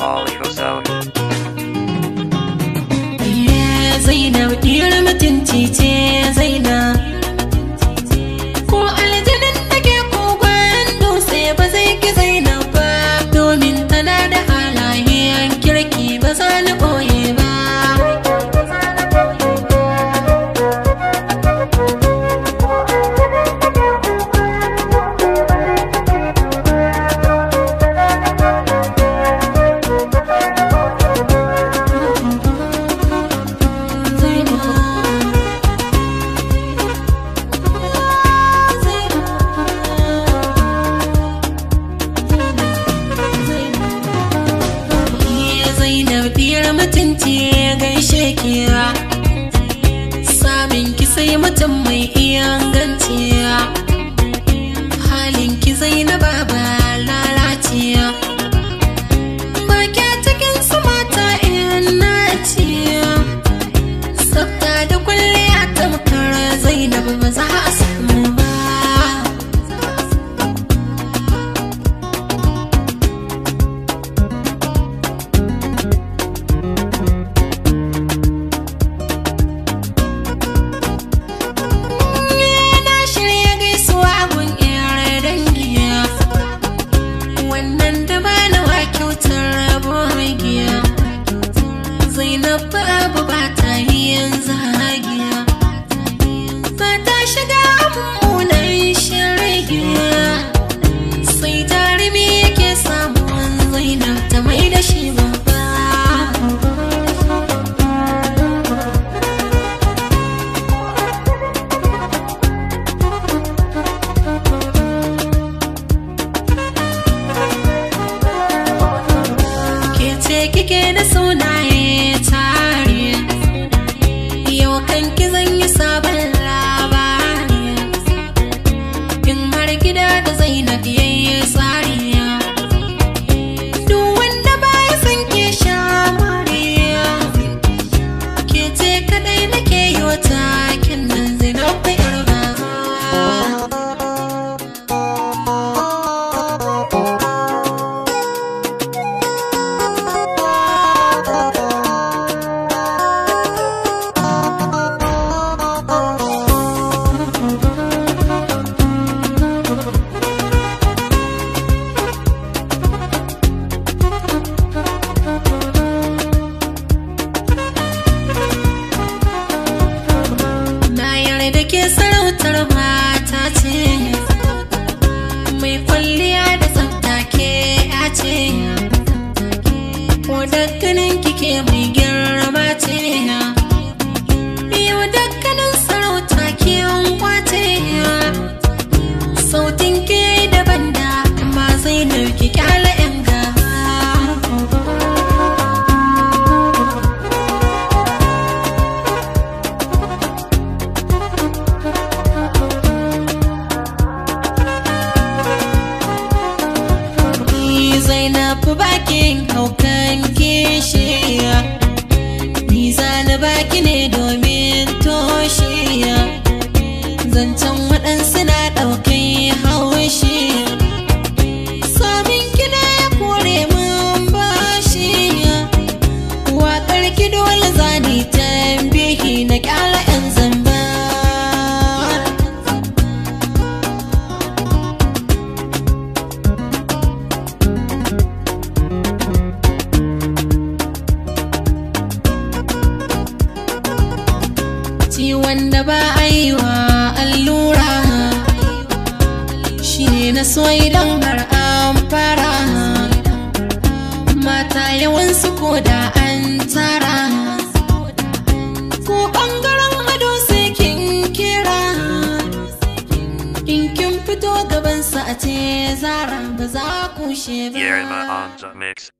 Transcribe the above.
polygosound. Yeah, Zaina, we're mutunci ce Zaina. mutunci ya gaishe kiya samun ki sai mutum mai iya ganciya halin ki zai na baba lalaciya ke cikin su mata iyan naciya tsafta da kwalliya tamkar zainab maza kike da sunaye tare yau kan ki zan yi sabon labari in har gida da zainab yi tsari duk wanda baya san ke sha mariya ke ce kadai nake yi takin nan sutar mata ce mai kwalliya da tsafta ke a ce ko dakkanin kike mai girma ce yau dakkanin sarauta ke kwace sautin ke daban da ma zai dauki kyala ku baki haukan kishiya ni na baki ne domin toshiya zancen waɗansu na ɗauka ciwon ba a yi wa allura shi na so idan har an fara mata yawansu ko da an tara ko ɓangaren ado sai kin kira in kin fito gabansa a ce zara ba za ku she ba